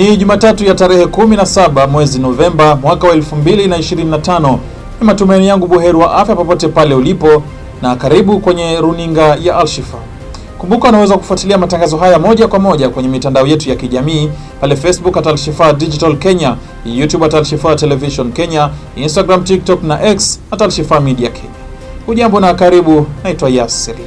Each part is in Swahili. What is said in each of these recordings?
Ni Jumatatu ya tarehe 17 mwezi Novemba mwaka wa 2025. Ni matumaini yangu buheri wa afya popote pale ulipo, na karibu kwenye runinga ya Alshifa. Kumbuka unaweza kufuatilia matangazo haya moja kwa moja kwenye mitandao yetu ya kijamii pale Facebook at Alshifa Digital Kenya, YouTube at Alshifa Television Kenya, Instagram, TikTok na X at Alshifa Media Kenya. Ujambo na karibu, naitwa Yasir leo.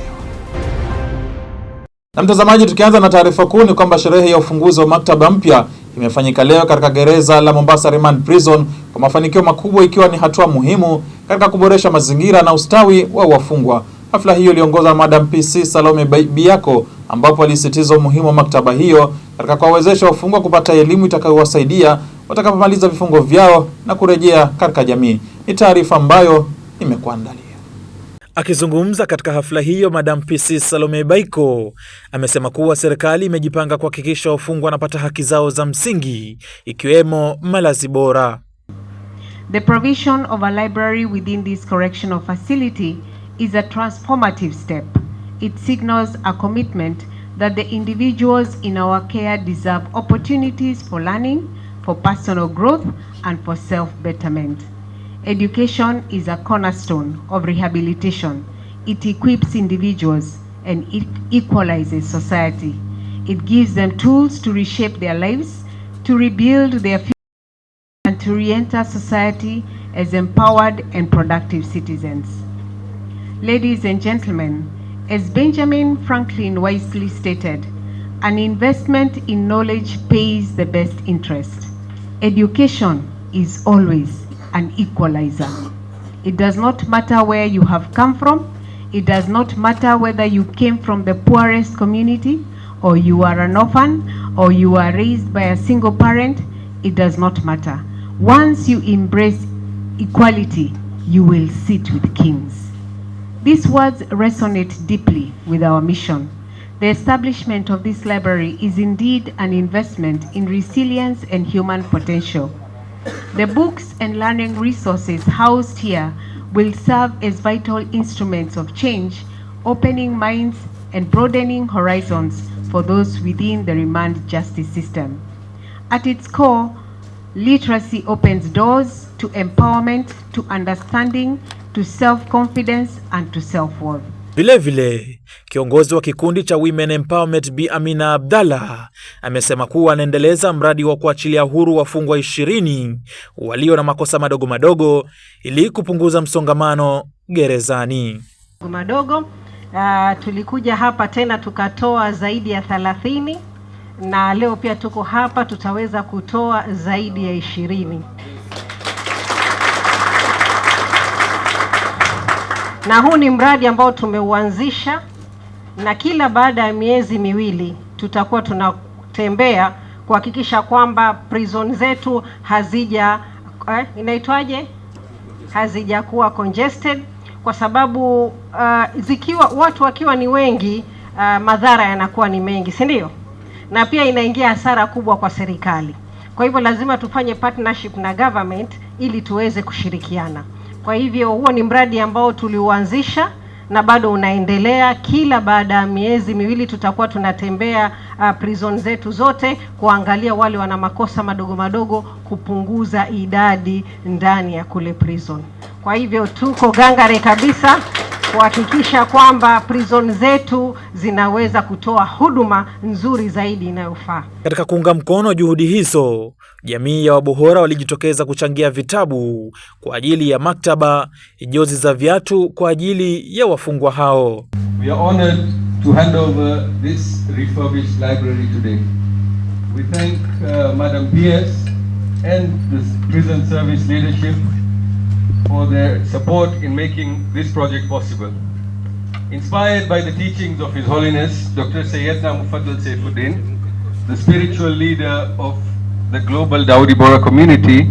Na mtazamaji, tukianza na taarifa kuu ni kwamba sherehe ya ufunguzi wa maktaba mpya imefanyika leo katika gereza la Mombasa Remand Prison kwa mafanikio makubwa, ikiwa ni hatua muhimu katika kuboresha mazingira na ustawi wa wafungwa. Hafla hiyo iliongozwa na Madam PC Salome Biako, ambapo alisisitiza umuhimu wa maktaba hiyo katika kuwawezesha wafungwa kupata elimu itakayowasaidia watakapomaliza vifungo vyao na kurejea katika jamii. Ni taarifa ambayo imekuandaliwa Akizungumza katika hafla hiyo, Madam PC Salome Baiko amesema kuwa serikali imejipanga kuhakikisha wafungwa wanapata haki zao za msingi ikiwemo malazi bora. The provision of a library within this correctional facility is a transformative step. It signals a commitment that the individuals in our care deserve opportunities for learning, for personal growth and for self-betterment. Education is a cornerstone of rehabilitation. It equips individuals and it equalizes society. It gives them tools to reshape their lives, to rebuild their future, and to re-enter society as empowered and productive citizens. Ladies and gentlemen, as Benjamin Franklin wisely stated, an investment in knowledge pays the best interest. Education is always an equalizer. It does not matter where you have come from. It does not matter whether you came from the poorest community or you are an orphan or you are raised by a single parent. It does not matter. Once you embrace equality, you will sit with kings. These words resonate deeply with our mission. The establishment of this library is indeed an investment in resilience and human potential. The books and learning resources housed here will serve as vital instruments of change, opening minds and broadening horizons for those within the remand justice system. At its core, literacy opens doors to empowerment, to understanding, to self-confidence, and to self-worth. Vilevile, kiongozi wa kikundi cha Women Empowerment Bi Amina Abdalla amesema kuwa anaendeleza mradi wa kuachilia huru wafungwa 20 walio na makosa madogo madogo ili kupunguza msongamano gerezani. Madogo uh, tulikuja hapa tena tukatoa zaidi ya 30 na leo pia tuko hapa tutaweza kutoa zaidi ya ishirini. na huu ni mradi ambao tumeuanzisha na kila baada ya miezi miwili tutakuwa tunatembea kuhakikisha kwamba prison zetu hazija eh, inaitwaje, hazijakuwa congested kwa sababu uh, zikiwa watu wakiwa ni wengi uh, madhara yanakuwa ni mengi, si ndio? Na pia inaingia hasara kubwa kwa serikali. Kwa hivyo lazima tufanye partnership na government ili tuweze kushirikiana. Kwa hivyo huo ni mradi ambao tuliuanzisha na bado unaendelea. Kila baada ya miezi miwili tutakuwa tunatembea uh, prison zetu zote kuangalia wale wana makosa madogo madogo, kupunguza idadi ndani ya kule prison. Kwa hivyo tuko gangare kabisa kuhakikisha kwamba prison zetu zinaweza kutoa huduma nzuri zaidi inayofaa. Katika kuunga mkono juhudi hizo, jamii ya Wabohora walijitokeza kuchangia vitabu kwa ajili ya maktaba, jozi za viatu kwa ajili ya wafungwa hao. We are honored to hand over this refurbished library today. We thank uh, Madam and the prison service leadership for their support in making this project possible. Inspired by the teachings of His Holiness Dr. Sayyidna Mufaddal Saifuddin, the spiritual leader of the global Dawoodi Bora community,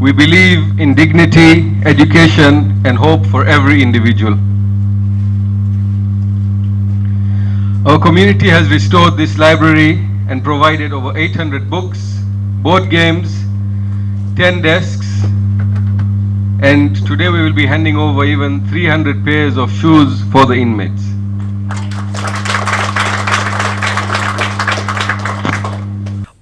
we believe in dignity, education, and hope for every individual. Our community has restored this library and provided over 800 books, board games, 10 desks, and today we will be handing over even 300 pairs of shoes for the inmates.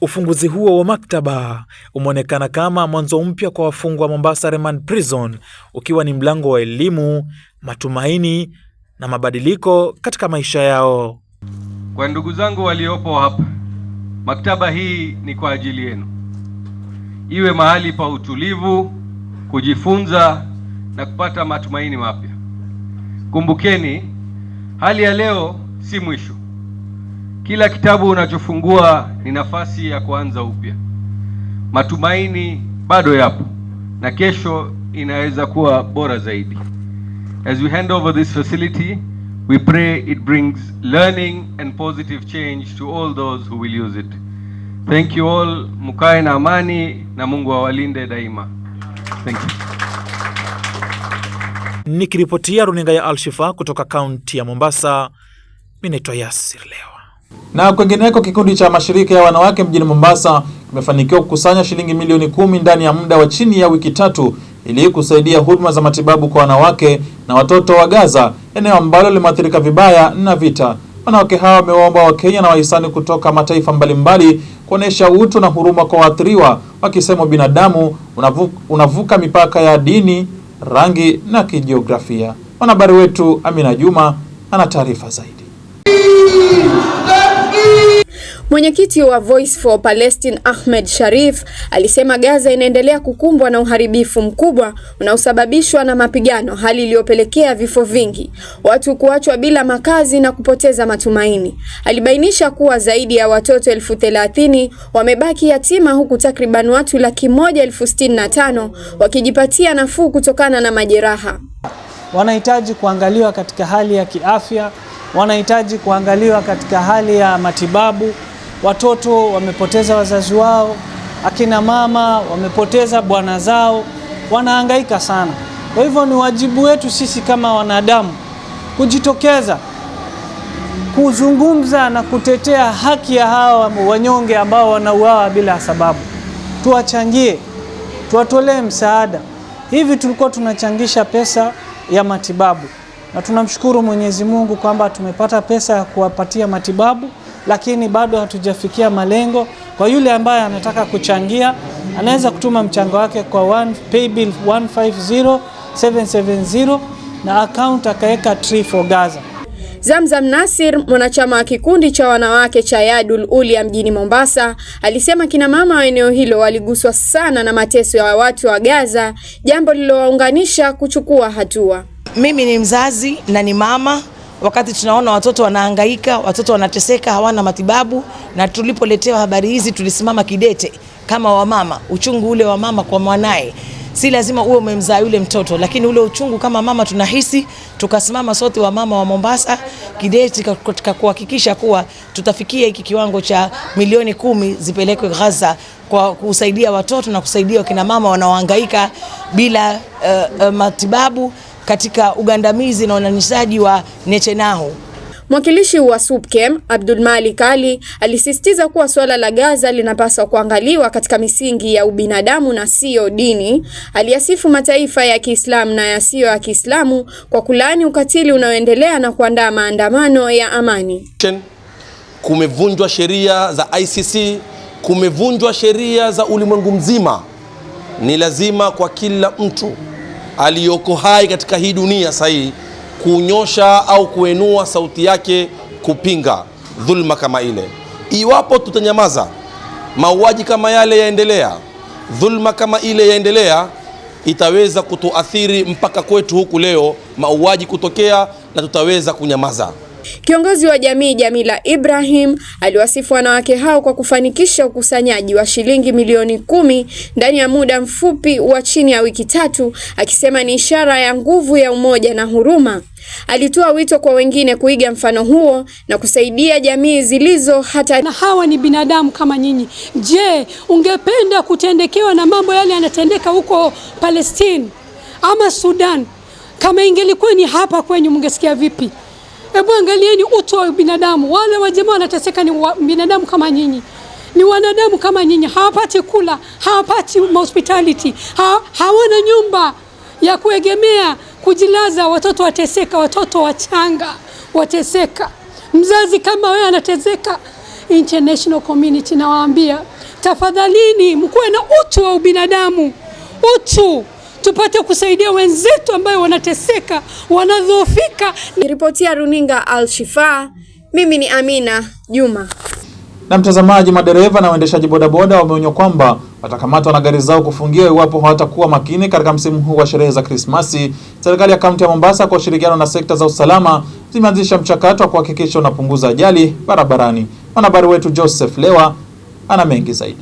Ufunguzi huo wa maktaba umeonekana kama mwanzo mpya kwa wafungwa wa Mombasa Remand Prison, ukiwa ni mlango wa elimu, matumaini na mabadiliko katika maisha yao. Kwa ndugu zangu waliopo hapa, maktaba hii ni kwa ajili yenu, iwe mahali pa utulivu kujifunza na kupata matumaini mapya. Kumbukeni, hali ya leo si mwisho. Kila kitabu unachofungua ni nafasi ya kuanza upya. Matumaini bado yapo na kesho inaweza kuwa bora zaidi. As we hand over this facility, we pray it brings learning and positive change to all those who will use it. Thank you all. Mukae na amani na Mungu awalinde daima. Thank you. Nikiripotia runinga ya Alshifa kutoka kaunti ya Mombasa, mi naitwa Yasir Lewa. Na kwengineko kikundi cha mashirika ya wanawake mjini Mombasa kimefanikiwa kukusanya shilingi milioni kumi ndani ya muda wa chini ya wiki tatu ili kusaidia huduma za matibabu kwa wanawake na watoto wa Gaza, eneo ambalo limeathirika vibaya na vita. Wanawake hawa wamewaomba Wakenya na wahisani kutoka mataifa mbalimbali kuonesha utu na huruma kwa waathiriwa, wakisema binadamu unavuka, unavuka mipaka ya dini, rangi na kijiografia. Mwanahabari wetu Amina Juma ana taarifa zaidi. Mwenyekiti wa Voice for Palestine Ahmed Sharif alisema Gaza inaendelea kukumbwa na uharibifu mkubwa unaosababishwa na mapigano, hali iliyopelekea vifo vingi, watu kuachwa bila makazi na kupoteza matumaini. Alibainisha kuwa zaidi ya watoto elfu thelathini wamebaki yatima huku takriban watu laki moja elfu sitini na tano wakijipatia nafuu kutokana na majeraha. Wanahitaji kuangaliwa katika hali ya kiafya wanahitaji kuangaliwa katika hali ya matibabu, watoto wamepoteza wazazi wao, akina mama wamepoteza bwana zao, wanahangaika sana. Kwa hivyo ni wajibu wetu sisi kama wanadamu kujitokeza kuzungumza na kutetea haki ya hawa wanyonge ambao wanauawa bila sababu. Tuwachangie, tuwatolee msaada. Hivi tulikuwa tunachangisha pesa ya matibabu, na tunamshukuru Mwenyezi Mungu kwamba tumepata pesa ya kuwapatia matibabu lakini bado hatujafikia malengo. Kwa yule ambaye anataka kuchangia, anaweza kutuma mchango wake kwa one, paybill 150770 na account akaweka Tree for Gaza. Zamzam Nasir, mwanachama wa kikundi cha wanawake cha Yadul Ulia mjini Mombasa, alisema kina mama wa eneo hilo waliguswa sana na mateso ya watu wa Gaza, jambo lililowaunganisha kuchukua hatua. Mimi ni mzazi na ni mama wakati tunaona watoto wanaangaika watoto wanateseka, hawana matibabu. Na tulipoletewa habari hizi tulisimama kidete kama wamama, uchungu ule wa mama kwa mwanaye si lazima uwe umemzaa yule mtoto, lakini ule uchungu kama mama tunahisi. Tukasimama sote wa mama wa Mombasa kideti katika kuhakikisha kuwa tutafikia hiki kiwango cha milioni kumi zipelekwe Gaza kwa kusaidia watoto na kusaidia wakina mama wanaohangaika bila uh, uh, matibabu katika ugandamizi na unanishaji wa Netanyahu. Mwakilishi wa SUPKEM Abdulmalik Ali alisisitiza kuwa suala la Gaza linapaswa kuangaliwa katika misingi ya ubinadamu na siyo dini. Aliyasifu mataifa ya Kiislamu na yasiyo ya Kiislamu kwa kulaani ukatili unaoendelea na kuandaa maandamano ya amani. Kumevunjwa sheria za ICC, kumevunjwa sheria za ulimwengu mzima. Ni lazima kwa kila mtu aliyoko hai katika hii dunia sasa kunyosha au kuenua sauti yake kupinga dhulma kama ile. Iwapo tutanyamaza, mauaji kama yale yaendelea, dhulma kama ile yaendelea, itaweza kutuathiri mpaka kwetu huku leo mauaji kutokea, na tutaweza kunyamaza. Kiongozi wa jamii Jamila Ibrahim aliwasifu wanawake hao kwa kufanikisha ukusanyaji wa shilingi milioni kumi ndani ya muda mfupi wa chini ya wiki tatu, akisema ni ishara ya nguvu ya umoja na huruma. Alitoa wito kwa wengine kuiga mfano huo na kusaidia jamii zilizo hata. Na hawa ni binadamu kama nyinyi. Je, ungependa kutendekewa na mambo yale yanatendeka huko Palestine ama Sudan? Kama ingelikuwa ni hapa kwenyu mungesikia vipi? Hebu angalieni utu wa binadamu. Wale wajamaa wanateseka ni wa, binadamu kama nyinyi, ni wanadamu kama nyinyi. Hawapati kula, hawapati hospitality, ha, hawana nyumba ya kuegemea kujilaza. Watoto wateseka, watoto wachanga wateseka. Mzazi kama wewe anateseka. International community, nawaambia tafadhalini, mkuwe na utu wa ubinadamu, utu tupate kusaidia wenzetu ambayo wanateseka, wanadhoofika. Nikiripotia runinga Alshifa, mimi ni Amina Juma. Na mtazamaji, madereva na waendeshaji bodaboda wameonywa kwamba watakamatwa na gari zao kufungiwa iwapo hawatakuwa makini katika msimu huu wa sherehe za Krismasi. Serikali ya kaunti ya Mombasa kwa ushirikiano na sekta za usalama zimeanzisha mchakato wa kuhakikisha unapunguza ajali barabarani. Mwanahabari wetu Joseph Lewa ana mengi zaidi.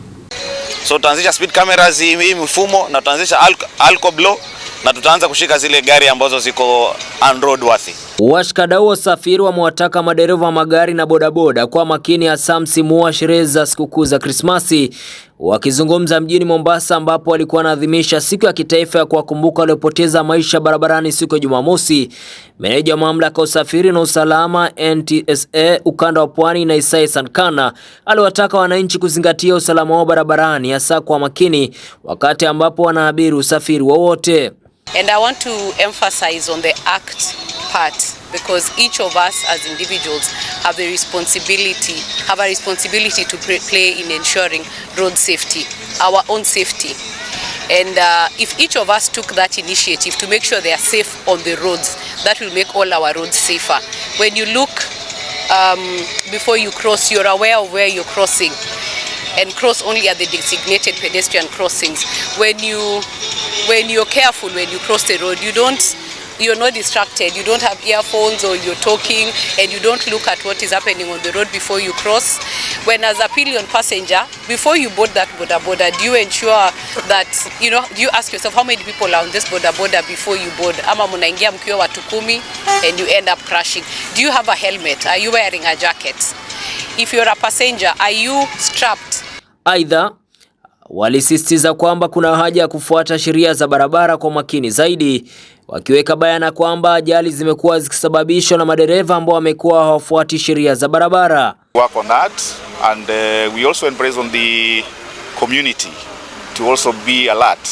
So tutaanzisha speed cameras hii mfumo na tutaanzisha alco blow na tutaanza kushika zile gari ambazo ziko unroad worthy. Washikadau wa wamewataka madereva wa magari na bodaboda kwa makini, hasa msimu wa sherehe za sikukuu za Krismasi Wakizungumza mjini Mombasa ambapo walikuwa wanaadhimisha siku ya kitaifa ya kuwakumbuka waliopoteza maisha barabarani siku ya Jumamosi, meneja wa mamlaka ya usafiri na usalama NTSA ukanda wa Pwani na Isai Sankana aliwataka wananchi kuzingatia usalama wao barabarani, hasa kwa makini wakati ambapo wanaabiri usafiri wowote. And I want to emphasize on the act part. because each of us as individuals have responsibility have a responsibility to play in ensuring road safety, our own safety. And uh, if each of us took that initiative to make sure they are safe on the roads, that will make all our roads safer. When you look um, before you cross, you're aware of where you're crossing and cross only at the designated pedestrian crossings. When you when you're careful when you cross the road, you don't you're not distracted. You don't have earphones or you're talking and you don't look at what is happening on the road before you cross. When as a pillion passenger, before you board that border border do you ensure that, you know, do you ask yourself how many people are on this border border before you board? Ama munaingia mkiwa watu kumi and you end up crashing. Do you have a helmet? Are you wearing a jacket? If you're a passenger, are you strapped? Either walisisitiza kwamba kuna haja ya kufuata sheria za barabara kwa makini zaidi, wakiweka bayana kwamba ajali zimekuwa zikisababishwa na madereva ambao wamekuwa hawafuati sheria za barabara. Work on that and uh, we also embrace on the community to also be alert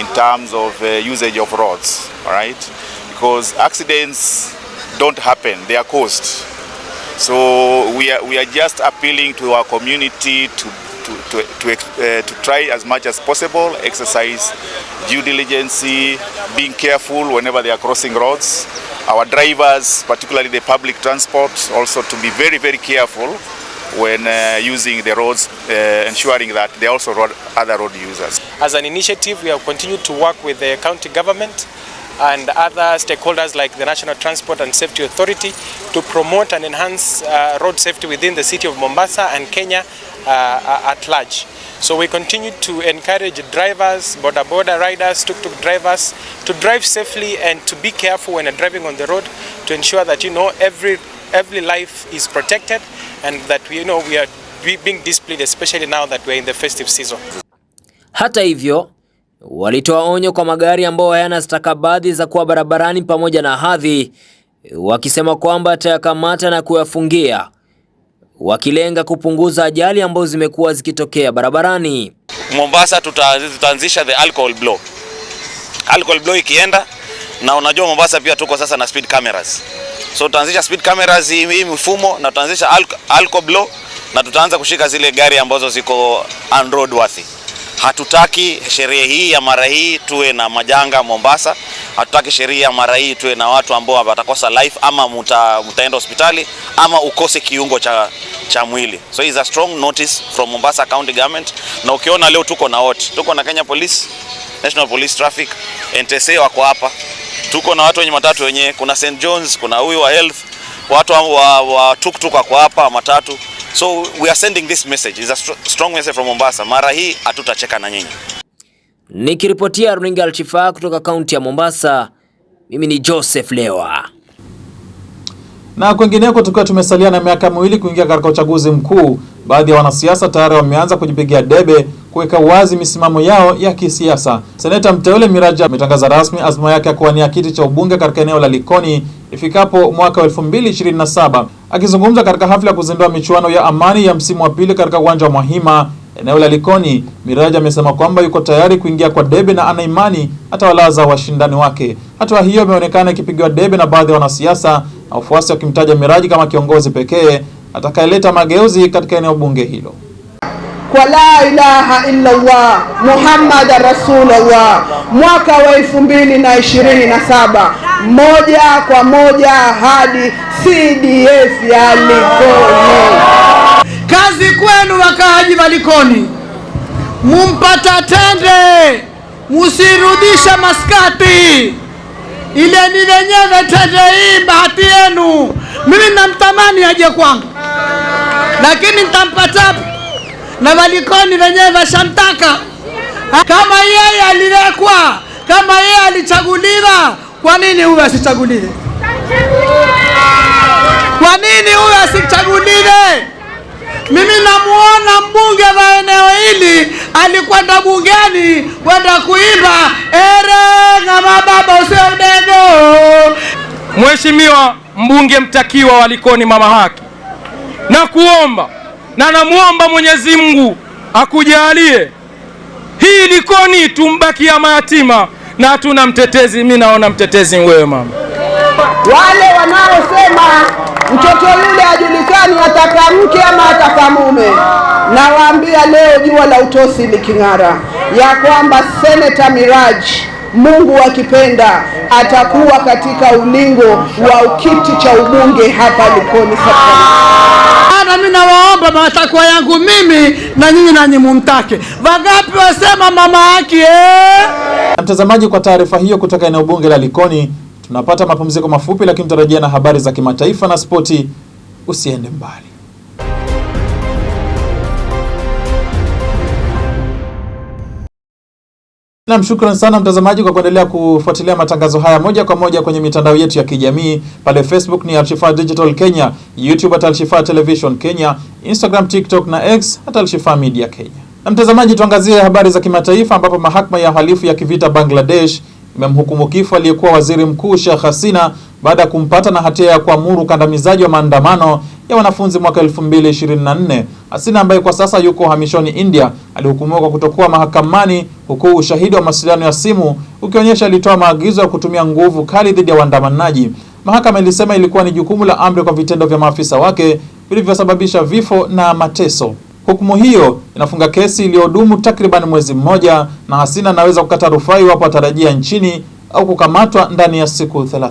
in terms of uh, usage of roads, all right? Because accidents don't happen, they are caused. So we are, we are just appealing to our community to to, to, to, uh, to try as much as possible, exercise due diligence, being careful whenever they are crossing roads. Our drivers, particularly the public transport, also to be very, very careful when uh, using the roads, uh, ensuring that they also road, other road users. As an initiative, we have continued to work with the county government and other stakeholders like the National Transport and Safety Authority to promote and enhance uh, road safety within the city of Mombasa and Kenya uh, at large. So we continue to encourage drivers, border border riders, tuk-tuk drivers to drive safely and to be careful when driving on the road to ensure that you know every every life is protected and that we you know we are being displayed especially now that we're in the festive season. Hata hivyo Walitoa onyo kwa magari ambayo hayana stakabadhi za kuwa barabarani pamoja na hadhi, wakisema kwamba atayakamata na kuyafungia, wakilenga kupunguza ajali ambazo zimekuwa zikitokea barabarani. Mombasa tutaanzisha the alcohol blow. Alcohol blow ikienda na unajua Mombasa pia tuko sasa na speed cameras, so tutaanzisha speed cameras hii mifumo na tutaanzisha alcohol blow na tutaanza kushika zile gari ambazo ziko unroadworthy. Hatutaki sherehe hii ya mara hii tuwe na majanga Mombasa. Hatutaki sherehe ya mara hii tuwe na watu ambao watakosa life ama muta, mutaenda hospitali ama ukose kiungo cha, cha mwili. So is a strong notice from Mombasa County Government, na ukiona leo tuko na wote, tuko na Kenya Police, National Police Traffic, NTSA wako hapa, tuko na watu wenye matatu wenyewe, kuna St John's, kuna huyu wa health, watu wa, wa tuktuk wako hapa matatu So we are sending this message. It's a strong message from Mombasa. Mara hii hatutacheka na nyinyi. Nikiripotia Runinga Alshifaa kutoka kaunti ya Mombasa, mimi ni Joseph Lewa. Na kwingineko, tukiwa tumesalia na miaka miwili kuingia katika uchaguzi mkuu, baadhi ya wanasiasa tayari wameanza kujipigia debe kuweka wazi misimamo yao ya kisiasa. Seneta mteule Miraja ametangaza rasmi azma yake ya kuwania kiti cha ubunge katika eneo la Likoni ifikapo mwaka wa saba. Akizungumza katika hafla ya kuzindua michuano ya amani ya msimu wa pili katika uwanja wa Mwahima eneo la Likoni, Miraji amesema kwamba yuko tayari kuingia kwa debe na ana imani atawalaza washindani wake. Hatua hiyo imeonekana ikipigiwa debe na baadhi ya wanasiasa na wafuasi wakimtaja Miraji kama kiongozi pekee atakayeleta mageuzi katika eneo bunge hilo kwa la ilaha illa Allah Muhammada Rasulullah mwaka wa elfu mbili na ishirini na saba moja kwa moja hadi CDF ya Likoni. Kazi kwenu wakaaji wa Likoni, mumpata tende, musirudisha maskati ile ni lenyewe tende. Hii bahati yenu. Mimi namtamani aje kwangu, lakini nitampata na malikoni wenyewe washamtaka kama yeye alilekwa, kama yeye alichaguliwa, kwa nini huyo asichaguliwe? Kwa nini huyo asichaguliwe? Mimi namuona mbunge wa eneo hili alikwenda bungeni kwenda kuimba ere ng'ama baba usio mdogo. Mheshimiwa mbunge mtakiwa wa Likoni, mama haki, kuomba na namwomba Mwenyezi Mungu akujalie hii Likoni tumbakia mayatima na hatuna mtetezi. Mimi naona mtetezi wewe mama. Wale wanaosema mtoto yule hajulikani ataka mke ama ataka mume, nawaambia leo jua la utosi liking'ara ya kwamba Seneta Miraji Mungu akipenda atakuwa katika ulingo wa kiti cha ubunge hapa Likoni. Na mimi nawaomba matakwa yangu mimi na nyinyi, nanyi mumtake. Wangapi wasema mama haki eh? Mtazamaji, kwa taarifa hiyo kutoka eneo bunge la Likoni, tunapata mapumziko mafupi, lakini tutarejea na habari za kimataifa na spoti. Usiende mbali. Nam, shukran sana mtazamaji kwa kuendelea kufuatilia matangazo haya moja kwa moja kwenye mitandao yetu ya kijamii. Pale Facebook ni Alshifa Digital Kenya, YouTube at Alshifa Television Kenya, Instagram, TikTok na X at Alshifa Media Kenya. Na mtazamaji, tuangazie habari za kimataifa ambapo mahakama ya uhalifu ya kivita Bangladesh imemhukumu kifo aliyekuwa waziri mkuu Sheikh Hasina baada ya kumpata na hatia ya kuamuru ukandamizaji wa maandamano ya wanafunzi mwaka 2024. Asina ambaye kwa sasa yuko uhamishoni India, alihukumiwa kwa kutokuwa mahakamani, huku ushahidi wa mawasiliano ya simu ukionyesha alitoa maagizo ya kutumia nguvu kali dhidi ya waandamanaji. Mahakama ilisema ilikuwa ni jukumu la amri kwa vitendo vya maafisa wake vilivyosababisha vifo na mateso. Hukumu hiyo inafunga kesi iliyodumu takriban mwezi mmoja, na Hasina anaweza kukata rufaa iwapo atarajia nchini au kukamatwa ndani ya siku 30.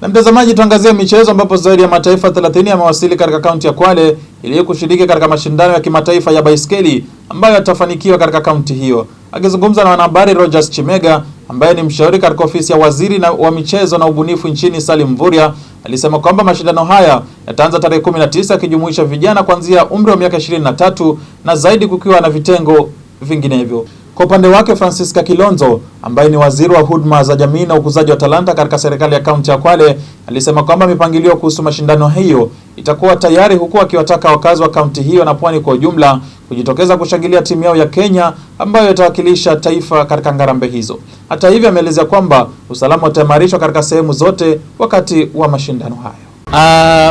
Na mtazamaji, tuangazie michezo ambapo zaidi ya mataifa 30 yamewasili katika kaunti ya Kwale ili kushiriki katika mashindano ya kimataifa ya baiskeli ambayo yatafanikiwa katika kaunti hiyo. Akizungumza na wanahabari, Rogers Chimega ambaye ni mshauri katika ofisi ya waziri na wa michezo na ubunifu nchini Salim Mvurya alisema kwamba mashindano haya yataanza tarehe 19 yakijumuisha vijana kuanzia umri wa miaka 23 na zaidi, kukiwa na vitengo vinginevyo. Kwa upande wake Francisca Kilonzo ambaye ni waziri wa huduma za jamii na ukuzaji wa talanta katika serikali ya kaunti ya Kwale alisema kwamba mipangilio kuhusu mashindano hiyo itakuwa tayari, huku akiwataka wakazi wa kaunti hiyo na pwani kwa ujumla kujitokeza kushangilia timu yao ya Kenya ambayo itawakilisha taifa katika ngarambe hizo. Hata hivyo, ameelezea kwamba usalama utaimarishwa katika sehemu zote wakati wa mashindano hayo.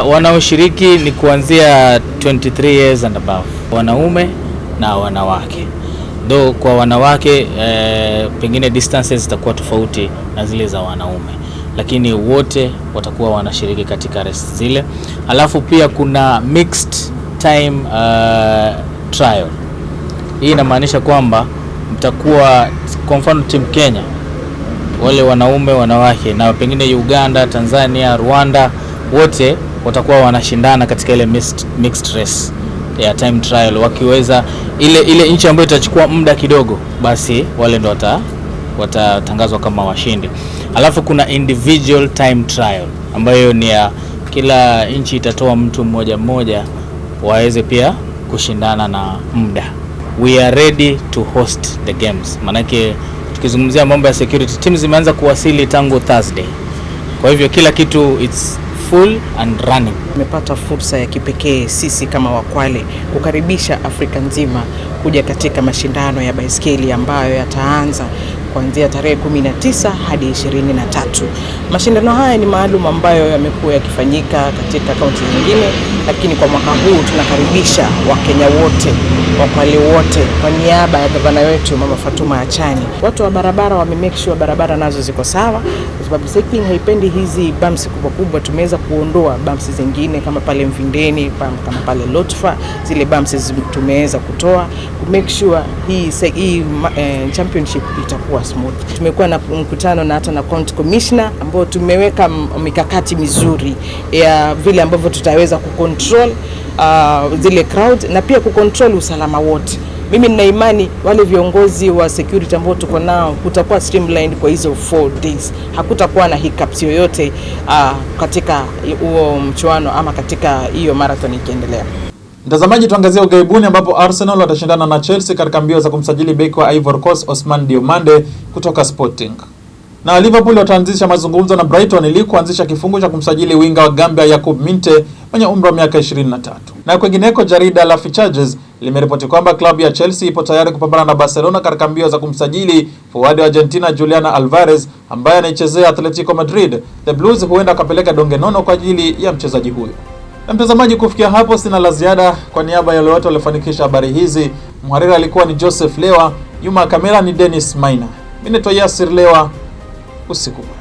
Uh, wanaoshiriki ni kuanzia 23 years and above, wanaume na wanawake do kwa wanawake e, pengine distances zitakuwa tofauti na zile za wanaume, lakini wote watakuwa wanashiriki katika race zile. Alafu pia kuna mixed time uh, trial. Hii inamaanisha kwamba mtakuwa kwa mfano timu Kenya wale wanaume wanawake, na pengine Uganda, Tanzania, Rwanda wote watakuwa wanashindana katika ile mixed, mixed race ya time trial, wakiweza ile ile nchi ambayo itachukua muda kidogo, basi wale ndo wata watatangazwa kama washindi. Alafu kuna individual time trial ambayo ni ya kila nchi itatoa mtu mmoja mmoja waweze pia kushindana na muda. We are ready to host the games. Maanake tukizungumzia mambo ya security, team zimeanza kuwasili tangu Thursday, kwa hivyo kila kitu it's full and running. Tumepata fursa ya kipekee sisi kama Wakwale kukaribisha Afrika nzima kuja katika mashindano ya baiskeli ambayo yataanza kuanzia tarehe 19 hadi 23. Mashindano haya ni maalum ambayo yamekuwa yakifanyika katika kaunti nyingine, lakini kwa mwaka huu tunakaribisha Wakenya wote Wakwale wote kwa niaba ya gavana wetu Mama Fatuma Achani. Watu wa barabara wame make sure barabara nazo ziko sawa, kwa sababu cycling haipendi hizi bumps kubwa kubwa. Tumeweza kuondoa bumps zingine kama pale Mvindeni, kama pale Lotfa, zile bumps tumeweza kutoa ku make sure hii, hii eh, championship itakuwa smooth. Tumekuwa na mkutano na hata na county commissioner ambao tumeweka mikakati mizuri ya vile ambavyo tutaweza kucontrol uh, zile crowd na pia kucontrol usalama wote. Mimi nina imani wale viongozi wa security ambao tuko nao kutakuwa streamlined kwa hizo 4 days, hakutakuwa na hiccups yoyote uh, katika huo mchuano ama katika hiyo marathon ikiendelea. Mtazamaji, tuangazie ugaibuni ambapo Arsenal watashindana na Chelsea katika mbio za kumsajili beki wa Ivory Coast Osman Diomande kutoka Sporting, na Liverpool wataanzisha mazungumzo na Brighton ili kuanzisha kifungu cha kumsajili winga wa Gambia Yakub Minte mwenye umri wa miaka 23. Na kwingineko, jarida la Fichajes limeripoti kwamba klabu ya Chelsea ipo tayari kupambana na Barcelona katika mbio za kumsajili forward wa Argentina Juliana Alvarez ambaye anaichezea Atletico Madrid. The Blues huenda akapeleka donge nono kwa ajili ya mchezaji huyo. Na mtazamaji, kufikia hapo sina la ziada. Kwa niaba ya wote waliofanikisha habari hizi, mhariri alikuwa ni Joseph Lewa, nyuma ya kamera ni Dennis Maina, mimi naitwa Yasir Lewa. Usiku